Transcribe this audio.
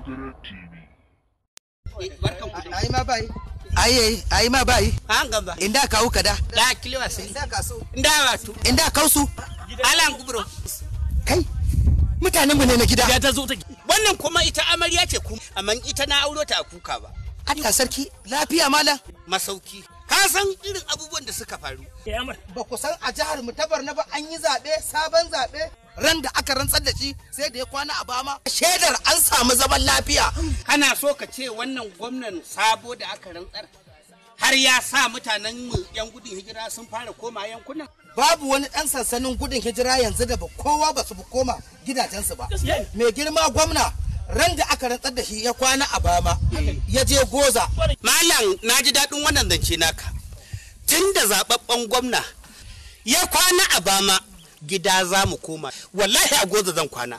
Progress TV. Ai ma bai. Ai ai ma bai. An gaba. Inda kawo kada. Da kilewa sai. Inda kaso. Inda wato. Inda kausu. Alan gubro. Kai. Mutanenmu ne na gida. Ya ta zo ta Wannan kuma ita amarya ce kuma amma ita na auro ta a kuka ba. Allah sarki lafiya malam. Masauki. ka san irin abubuwan da suka faru. Ba ku san a jihar mu ta Barna ba an yi zaɓe sabon zaɓe. ran da aka rantsar da shi sai da ya kwana a bama shaidar an samu zaman lafiya kana so ka ce wannan gwamnan sabo da aka rantsar har ya sa mutanen yan gudun hijira sun fara koma yankunan babu wani ɗan sansanin gudun hijira yanzu da ba kowa ba su koma gidajensu ba mai girma gwamna ran da aka rantsar da shi ya kwana a bama ya je goza malam na ji daɗin wannan zance naka tun da zaɓaɓɓen gwamna ya kwana a bama gida za mu koma wallahi a goza zan kwana